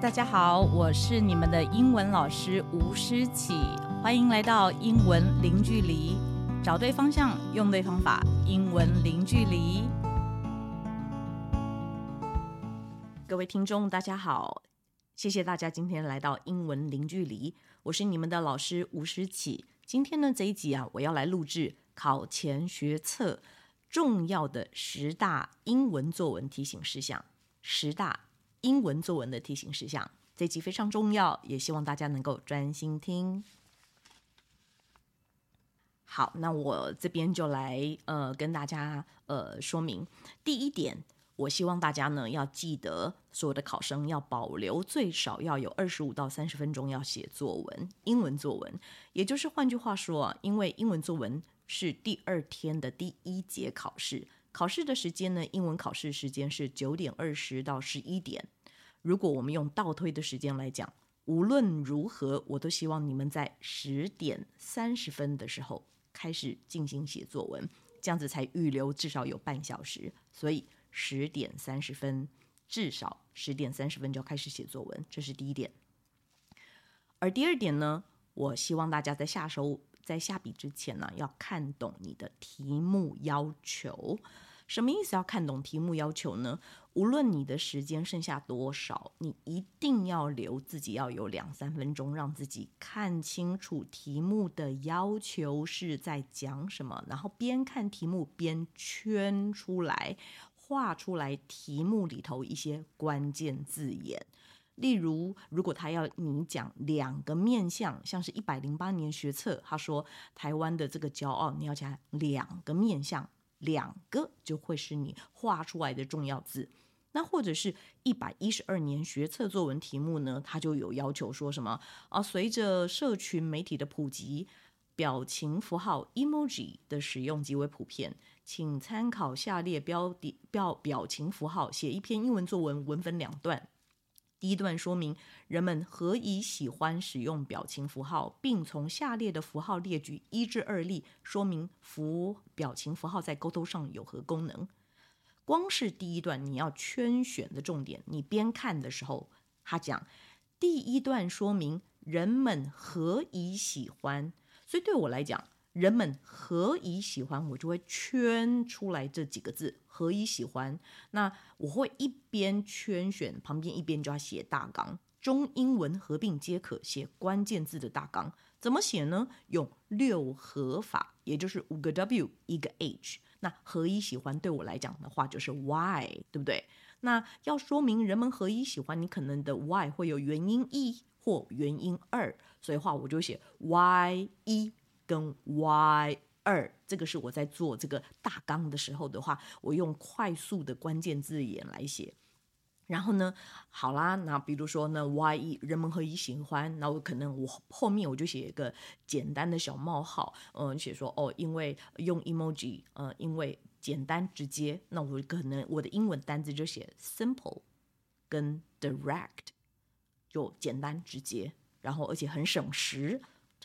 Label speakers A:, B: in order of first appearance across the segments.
A: 大家好，我是你們的英文老師吳詩綺，歡迎來到英文零距離，找對方向，用對方法，英文零距離。各位聽眾，大家好，謝謝大家今天來到英文零距離，我是你們的老師吳詩綺，今天呢這一集啊，我要來錄製考前學測重要的十大英文作文提醒事項，十大。英文作文的提醒事項，這一集非常重要，也希望大家能夠專心聽。好，那我這邊就來呃跟大家呃說明。第一點，我希望大家呢要記得，所有的考生要保留最少要有二十五到三十分鐘要寫作文，英文作文。也就是換句話說，因為英文作文是第二天的第一節考試，考試的時間呢，英文考試時間是九點二十到十一點。如果我們用倒推的時間來講，無論如何，我都希望你們在十點三十分的時候開始進行寫作文，這樣子才預留至少有半小時。所以十點三十分，至少十點三十分就要開始寫作文，這是第一點。而第二點呢，我希望大家在下手、在下筆之前呢，啊，要看懂你的題目要求。什麼意思？要看懂題目要求呢。無論你的時間剩下多少，你一定要留自己要有兩三分鐘，讓自己看清楚題目的要求是在講什麼。然後邊看題目邊圈出來、畫出來題目裡頭一些關鍵字眼。例如，如果他要你講兩個面向，像是一百零八年學測，他說台灣的這個驕傲，你要講兩個面向。兩個就會是你畫出來的重要字，那或者是一百一十二年學測作文題目呢，它就有要求說什麼啊？隨着社群媒體的普及，表情符號 emoji 的使用極為普遍，請參考下列標的標表情符號寫一篇英文作文，文分兩段。第一段說明人們何以喜歡使用表情符號，並從下列的符號列舉一至二例，說明符表情符號在溝通上有何功能。光是第一段你要圈選的重點，你邊看的時候，他講第一段說明人們何以喜歡，所以對我來講。人們何以喜歡，我就會圈出來這幾個字。何以喜歡？那我會一邊圈選旁邊一邊就要寫大綱，中英文合併皆可寫關鍵字的大綱。怎麼寫呢？用六何法，也就是五個 W 一個 H。那何以喜歡對我來講的話就是 Why，對不對？那要說明人們何以喜歡，你可能的 Why 會有原因一或原因二，所以話我就寫 Why 一。跟 Y 二，這個是我在做這個大綱的時候的話，我用快速的關鍵字眼來寫。然後呢，好啦，那比如說呢，Y 一人們何以喜歡？那我可能我後面我就寫一個簡單的小冒號，嗯，寫說哦，因為用 emoji，呃、嗯，因為簡單直接。那我可能我的英文單詞就寫 simple 跟 direct，就簡單直接，然後而且很省時。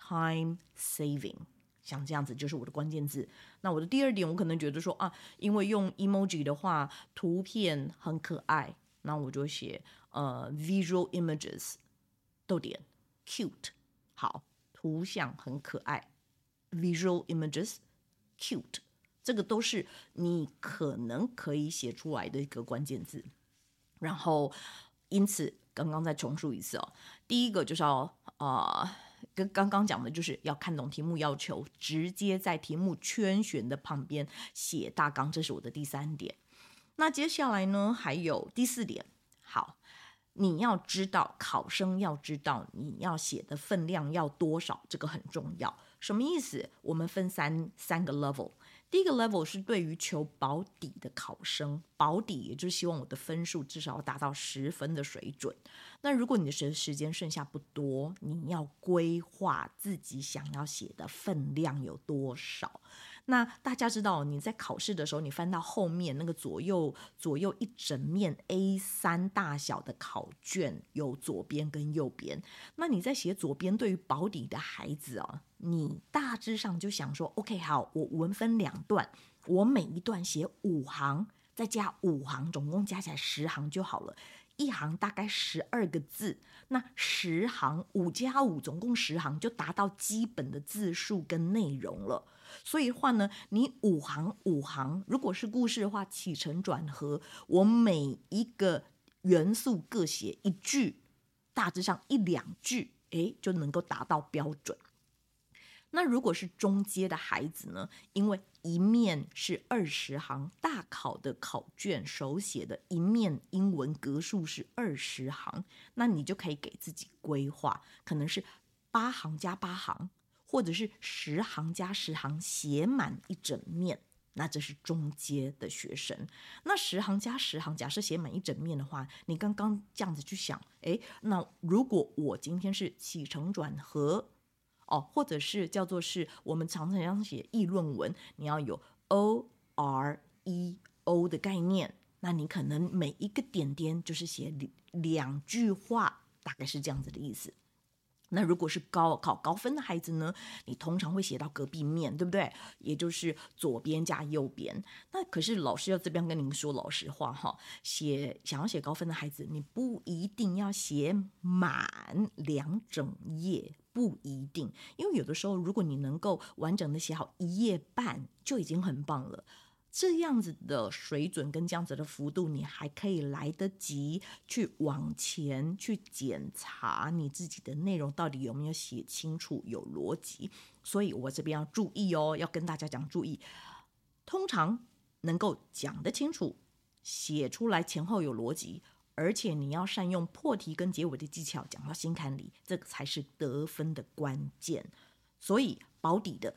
A: Time saving，像這樣子就是我的關鍵字。那我的第二點，我可能覺得說啊，因為用 emoji 的話，圖片很可愛，那我就寫呃 visual images 逗點 cute。好，圖像很可愛 visual images cute，這個都是你可能可以寫出來的一個關鍵字。然後，因此剛剛再重述一次哦，第一個就是要啊。呃跟剛剛講的就是要看懂題目要求，直接在題目圈選的旁邊寫大綱，這是我的第三點。那接下來呢，還有第四點。好，你要知道考生要知道你要寫的分量要多少，這個很重要。什麼意思？我們分三三個 level。第一個 level 是對於求保底的考生，保底也就是希望我的分數至少要達到十分的水準。那如果你的時時間剩下不多，你要規劃自己想要寫的分量有多少。那大家知道，你在考試的時候，你翻到後面那個左右左右一整面 A3 大小的考卷，有左邊跟右邊。那你在寫左邊，對於保底的孩子哦，你大致上就想說，OK，好，我文分兩段，我每一段寫五行，再加五行，總共加起來十行就好了，一行大概十二個字，那十行五加五，總共十行就達到基本的字數跟內容了。所以話呢，你五行五行，如果是故事的話，起承轉合，我每一個元素各寫一句，大致上一兩句，哎，就能夠達到標準。那如果是中階的孩子呢？因為一面是二十行大考的考卷，手寫的，一面英文格數是二十行，那你就可以給自己規劃，可能是八行加八行。或者是十行加十行寫滿一整面，那這是中階的學生。那十行加十行，假設寫滿一整面的話，你剛剛這樣子去想，哎，那如果我今天是起承轉合，哦，或者是叫做是我們常常要寫議論文，你要有 OREO 的概念，那你可能每一個點點就是寫兩兩句話，大概是這樣子的意思。那如果是高考高分的孩子呢？你通常會寫到隔壁面，對不對？也就是左邊加右邊。那可是老師要這邊跟你們說老實話哈、哦，寫想要寫高分的孩子，你不一定要寫滿兩整頁，不一定。因為有的時候，如果你能夠完整的寫好一頁半，就已經很棒了。這樣子的水準跟這樣子的幅度，你還可以來得及去往前去檢查你自己的內容到底有沒有寫清楚、有邏輯。所以我這邊要注意哦，要跟大家講注意。通常能夠講得清楚、寫出來前後有邏輯，而且你要善用破題跟結尾的技巧，講到心坎裡，這個才是得分的關鍵。所以保底的。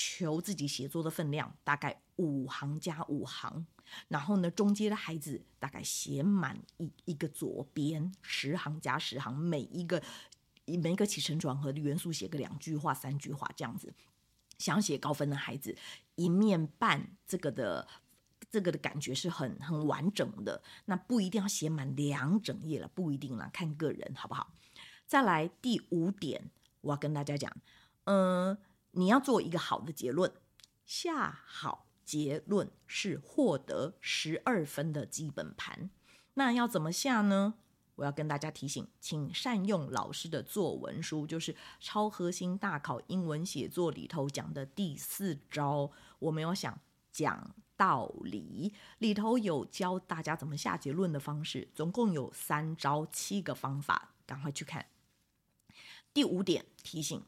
A: 求自己寫作的分量大概五行加五行，然後呢，中階的孩子大概寫滿一一個左邊十行加十行，每一個每一個起承轉合的元素寫個兩句話、三句話這樣子。想要寫高分的孩子，一面半這個的這個的感覺是很很完整的，那不一定要寫滿兩整頁了，不一定啦，看個人好不好？再來第五點，我要跟大家講，嗯。你要做一個好的結論，下好結論是獲得十二分的基本盤。那要怎麼下呢？我要跟大家提醒，請善用老師的作文書，就是《超核心大考英文寫作》裡頭講的第四招。我們要想講道理，裡頭有教大家怎麼下結論的方式，總共有三招七個方法，趕快去看。第五點提醒，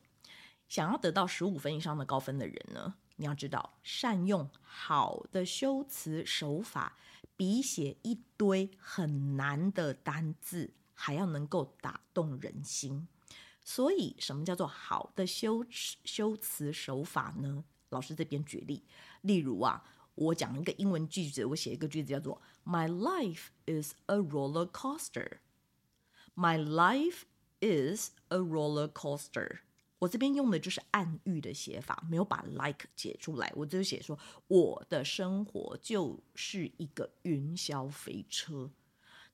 A: 想要得到十五分以上的高分的人呢，你要知道善用好的修辭手法，比寫一堆很難的單字還要能夠打動人心。所以，什麼叫做好的修辭修辭手法呢？老師這邊舉例，例如啊，我講一個英文句子，我寫一個句子叫做 “My life is a roller coaster.” My life is a roller coaster. 我這邊用的就是暗喻的寫法，沒有把 like 寫出來。我就寫說我的生活就是一個雲霄飛車。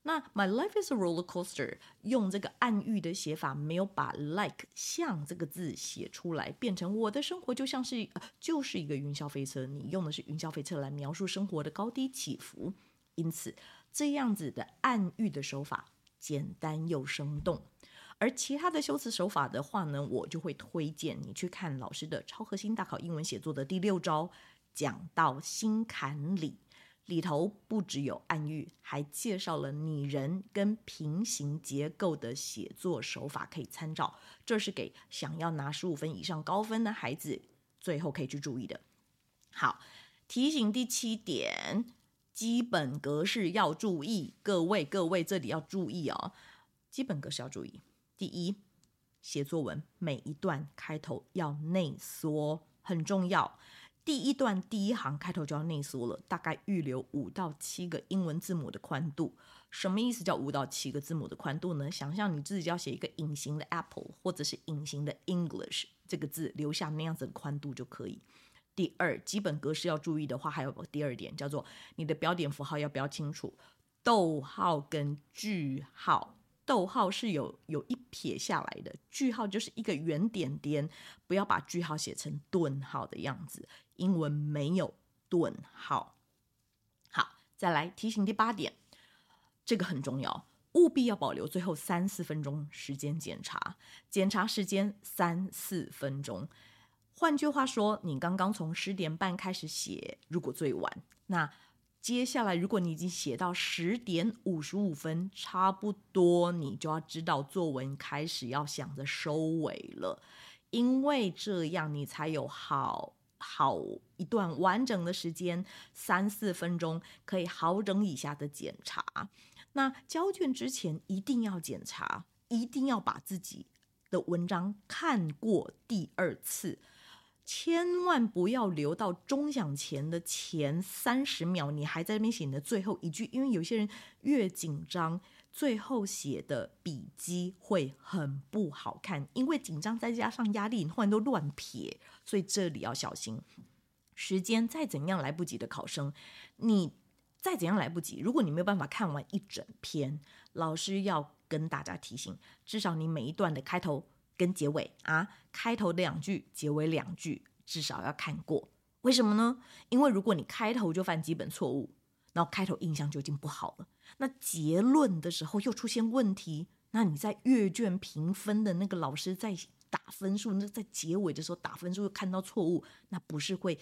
A: 那 my life is a roller coaster，用這個暗喻的寫法，沒有把 like 像這個字寫出來，變成我的生活就像是就是一個雲霄飛車。你用的是雲霄飛車來描述生活的高低起伏，因此這樣子的暗喻的手法簡單又生動。而其他的修辭手法的話呢，我就會推薦你去看老師的《超核心大考英文寫作》的第六招，講到心坎裡，裡頭不只有暗喻，還介紹了擬人跟平行結構的寫作手法，可以參照。這是給想要拿十五分以上高分的孩子最後可以去注意的。好，提醒第七點，基本格式要注意。各位各位，這裡要注意哦，基本格式要注意。第一，寫作文每一段開頭要內縮，很重要。第一段第一行開頭就要內縮了，大概預留五到七個英文字母的寬度。什麼意思？叫五到七個字母的寬度呢？想象你自己要寫一個隱形的 Apple 或者是隱形的 English 這個字，留下那樣子的寬度就可以。第二，基本格式要注意的話，還有第二點叫做你的標點符號要標清楚，逗號跟句號。逗號是有有一撇下來的，句號就是一個圓點點，不要把句號寫成頓號的樣子，英文沒有頓號。好，再來提醒第八點，這個很重要，務必要保留最後三四分鐘時間檢查，檢查時間三四分鐘。換句話說，你剛剛從十點半開始寫，如果最晚那。接下來，如果你已經寫到十點五十五分，差不多，你就要知道作文開始要想着收尾了，因為這樣你才有好好一段完整的時間，三四分鐘可以好整以暇地檢查。那交卷之前一定要檢查，一定要把自己的文章看過第二次。千萬不要留到鐘響前的前三十秒，你還在那邊寫你的最後一句，因為有些人越緊張，最後寫的筆跡會很不好看，因為緊張再加上壓力，你忽然都亂撇，所以這裡要小心。時間再怎樣來不及的考生，你再怎樣來不及，如果你沒有辦法看完一整篇，老師要跟大家提醒，至少你每一段的開頭。跟結尾啊，開頭的兩句，結尾兩句，至少要看過。為什麼呢？因為如果你開頭就犯基本錯誤，然後開頭印象就已經不好了，那結論的時候又出現問題，那你在閱卷評分的那個老師在打分數，那在結尾的時候打分數又看到錯誤，那不是會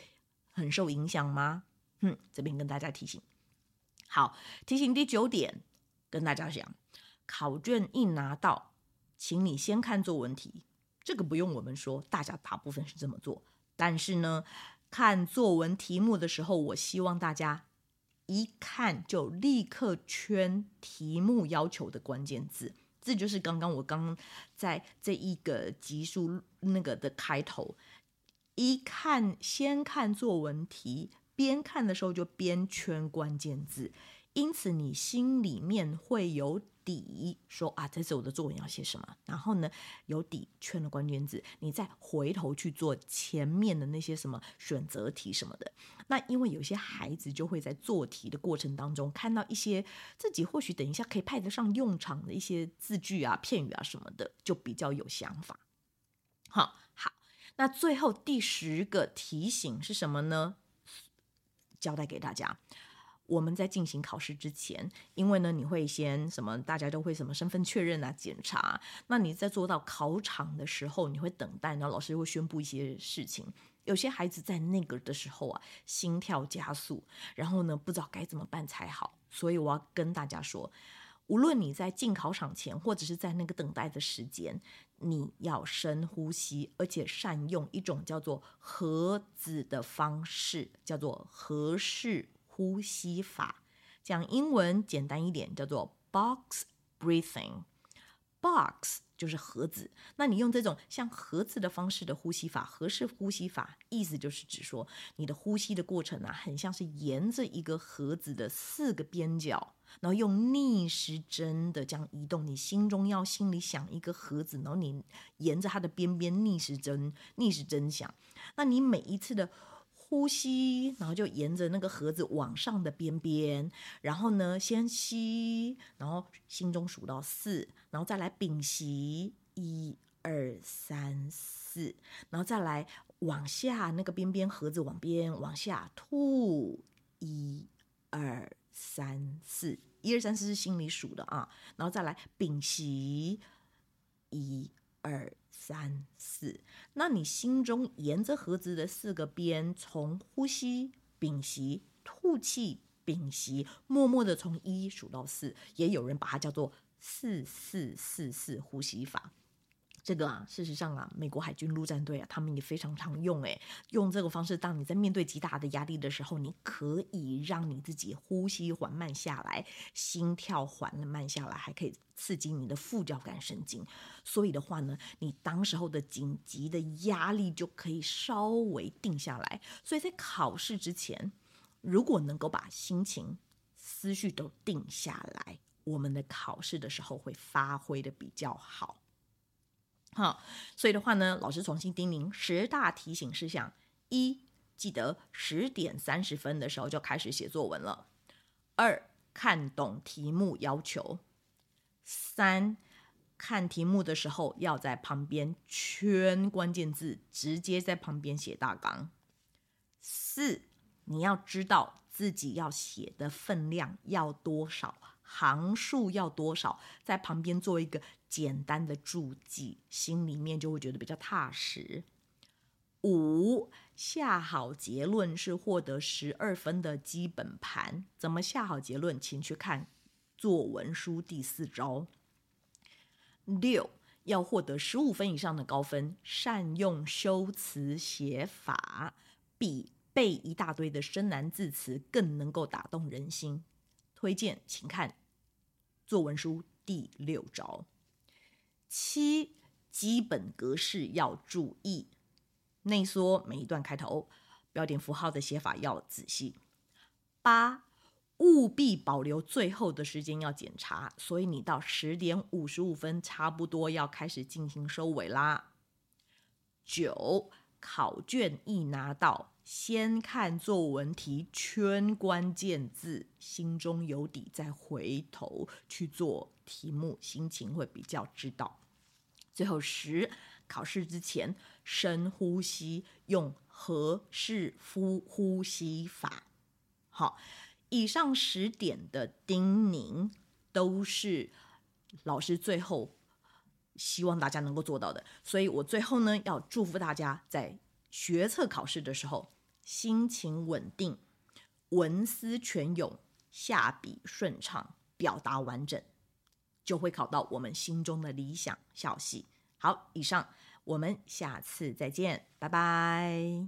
A: 很受影響嗎？嗯，這邊跟大家提醒。好，提醒第九點，跟大家講，考卷一拿到，請你先看作文題，這個不用我們說，大家大部分是這麼做。但是呢，看作文題目的時候，我希望大家一看就立刻圈題目要求的關鍵字。這就是剛剛我剛在這一個集數那個的開頭，一看先看作文題。邊看的時候就邊圈關鍵字，因此你心裡面會有底說，說啊，這次我的作文要寫什麼？然後呢，有底圈的關鍵字，你再回頭去做前面的那些什麼選擇題什麼的。那因為有些孩子就會在做題的過程當中看到一些自己或許等一下可以派得上用場的一些字句啊、片語啊什麼的，就比較有想法。好、哦，好，那最後第十個提醒是什麼呢？交代給大家，我們在進行考試之前，因為呢，你會先什麼，大家都會什麼身份確認啊、檢查啊。那你在坐到考場的時候，你會等待，然後老師會宣布一些事情。有些孩子在那個的時候啊，心跳加速，然後呢，不知道該怎麼辦才好。所以我要跟大家說，無論你在進考場前，或者是在那個等待的時間。你要深呼吸，而且善用一種叫做盒子的方式，叫做盒式呼吸法。講英文簡單一點，叫做 box breathing。box 就是盒子，那你用這種像盒子的方式的呼吸法，盒式呼吸法，意思就是指說，你的呼吸的過程啊，很像是沿着一個盒子的四個邊角。然後用逆時針的這樣移動，你心中要心裡想一個盒子，然後你沿着它的邊邊逆時針逆時針想。那你每一次的呼吸，然後就沿着那個盒子往上的邊邊，然後呢先吸，然後心中數到四，然後再來屏息一二三四，然後再來往下那個邊邊盒子往邊往下吐一二。三四一二三四是心裡數的啊，然後再來屏息，一二三四，那你心中沿着盒子的四個邊，從呼吸屏息，吐氣屏息，默默的從一數到四，也有人把它叫做四四四四呼吸法。這個啊，事實上啊，美國海軍陸戰隊啊，他們也非常常用。誒，用這個方式，當你在面對極大的壓力的時候，你可以讓你自己呼吸緩慢下來，心跳緩慢下來，還可以刺激你的副交感神經。所以的話呢，你當時候的緊急的壓力就可以稍微定下來。所以在考試之前，如果能夠把心情、思緒都定下來，我們的考試的時候會發揮的比較好。好，所以的話呢，老師重新叮嚀十大提醒事項：一、記得十點三十分的時候就開始寫作文了；二、看懂題目要求；三、看題目的時候要在旁邊圈關鍵字，直接在旁邊寫大綱；四、你要知道自己要寫的分量要多少，行數要多少，在旁邊做一個。簡單的注記，心裡面就會覺得比較踏實。五，下好結論是獲得十二分的基本盤，怎麼下好結論？請去看作文書第四招。六，要獲得十五分以上的高分，善用修辭寫法，比背一大堆的生難字詞更能夠打動人心。推薦，請看作文書第六招。七，基本格式要注意，內縮每一段開頭，標點符號的寫法要仔細。八，務必保留最後的時間要檢查，所以你到十點五十五分差不多要開始進行收尾啦。九，考卷，一拿到，先看作文題，圈關鍵字，心中有底，再回頭去做題目，心情會比較知道。最後十，考試之前深呼吸，用和適呼呼吸法。好，以上十點的叮嚀都是老師最後希望大家能夠做到的。所以我最後呢，要祝福大家在學測考試的時候心情穩定，文思泉湧，下筆順暢，表達完整，就會考到我們心中的理想校系。好，以上，我們下次再見，拜拜。